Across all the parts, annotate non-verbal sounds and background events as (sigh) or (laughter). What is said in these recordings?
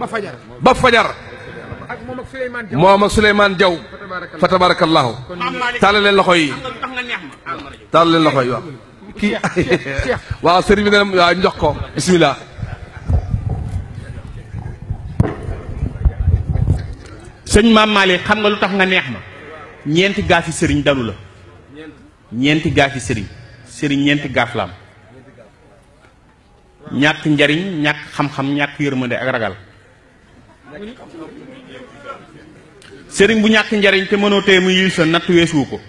ba fajar ba fajar ak Souleymane Diaw fa tabarakallah tàllal leen loxo yi tàllal leen wa waaw (laughs) bi ne waaw ko bismillah serigne mam Malick xam nga lutax nga neex ma gaaf ci serigne dalu la gaaf ci serigne serigne ñent gaaf la ñak njariñ xam-xam ñak yermande ak ragal sëriñ bu ñàkk njariñ te mënoo tee mu yiisa natt weesuwu ko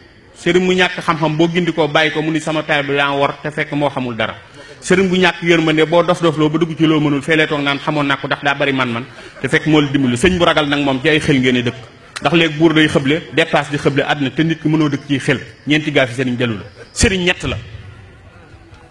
sëriñ bu ñàkk xam-xam boo gindi ko bàyyi ko mu ni sama taal bi daa war te fekk moo xamul dara sëriñ bu ñàkk ne boo dof dof loo ba dugg ci loo mënul feelee toog naan xamoon naa ko ndax daa bari man-man te fekk moo la dimbali sëñ bu ragal nag moom ci ay xel ngeen dëkk ndax léegi buur day xëble dépasse di xëble àdduna te nit ki mënoo dëkk ci xel ñeenti gaa fi sëriñ jalu la sëriñ ñett la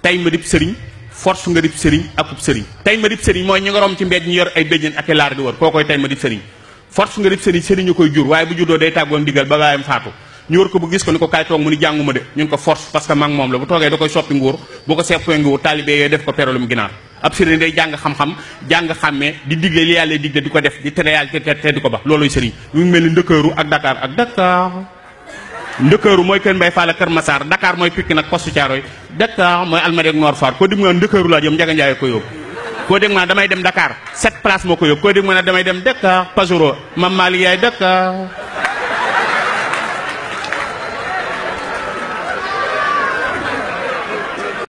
tay ma sëriñ force nga dip serigne akub time tay ma dip serigne moy ñu nga rom ci mbéj ñu yor ay bejeen ak laar di wor kokoy tay ma dip serigne force nga dip serigne serigne ñukoy jur waye bu juddo day tagoon digal ba baayam faatu ñu wor ko bu gis ko niko kay tok mu ni de ñun ko force parce que mak mom la bu toge da koy soppi nguur bu ko seppee nguur talibé ye def ko perolum ginaar ab serigne day jang xam-xam jang xamé di digle li yalla digle diko def di tere yàlla té di ko ba looluy mu ngi ak Dakar ak Dakar ndëkkëru mooy Kër Mbay Fall ak Kër Masaar Dakar mooy Pikine ak Poste Thiaroye Dakar mooy Almadies ak Nord Foire koo dégg nga ndëkkëru laa jëm Njaga Njaay ko yóbbu koo dégg ma damay dem Dakar sept place moo ko yóbbu koo dégg ma damay dem Dakar Pajoro Mamali yaay Dakar